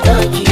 doki